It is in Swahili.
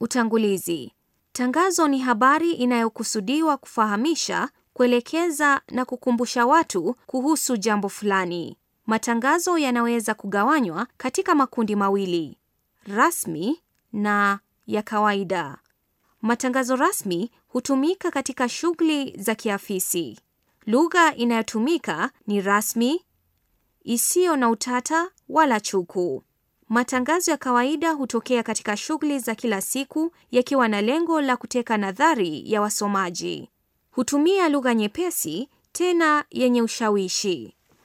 Utangulizi. Tangazo ni habari inayokusudiwa kufahamisha, kuelekeza na kukumbusha watu kuhusu jambo fulani. Matangazo yanaweza kugawanywa katika makundi mawili: rasmi na ya kawaida. Matangazo rasmi hutumika katika shughuli za kiafisi. Lugha inayotumika ni rasmi, isiyo na utata wala chuku. Matangazo ya kawaida hutokea katika shughuli za kila siku yakiwa na lengo la kuteka nadhari ya wasomaji. Hutumia lugha nyepesi tena yenye ushawishi.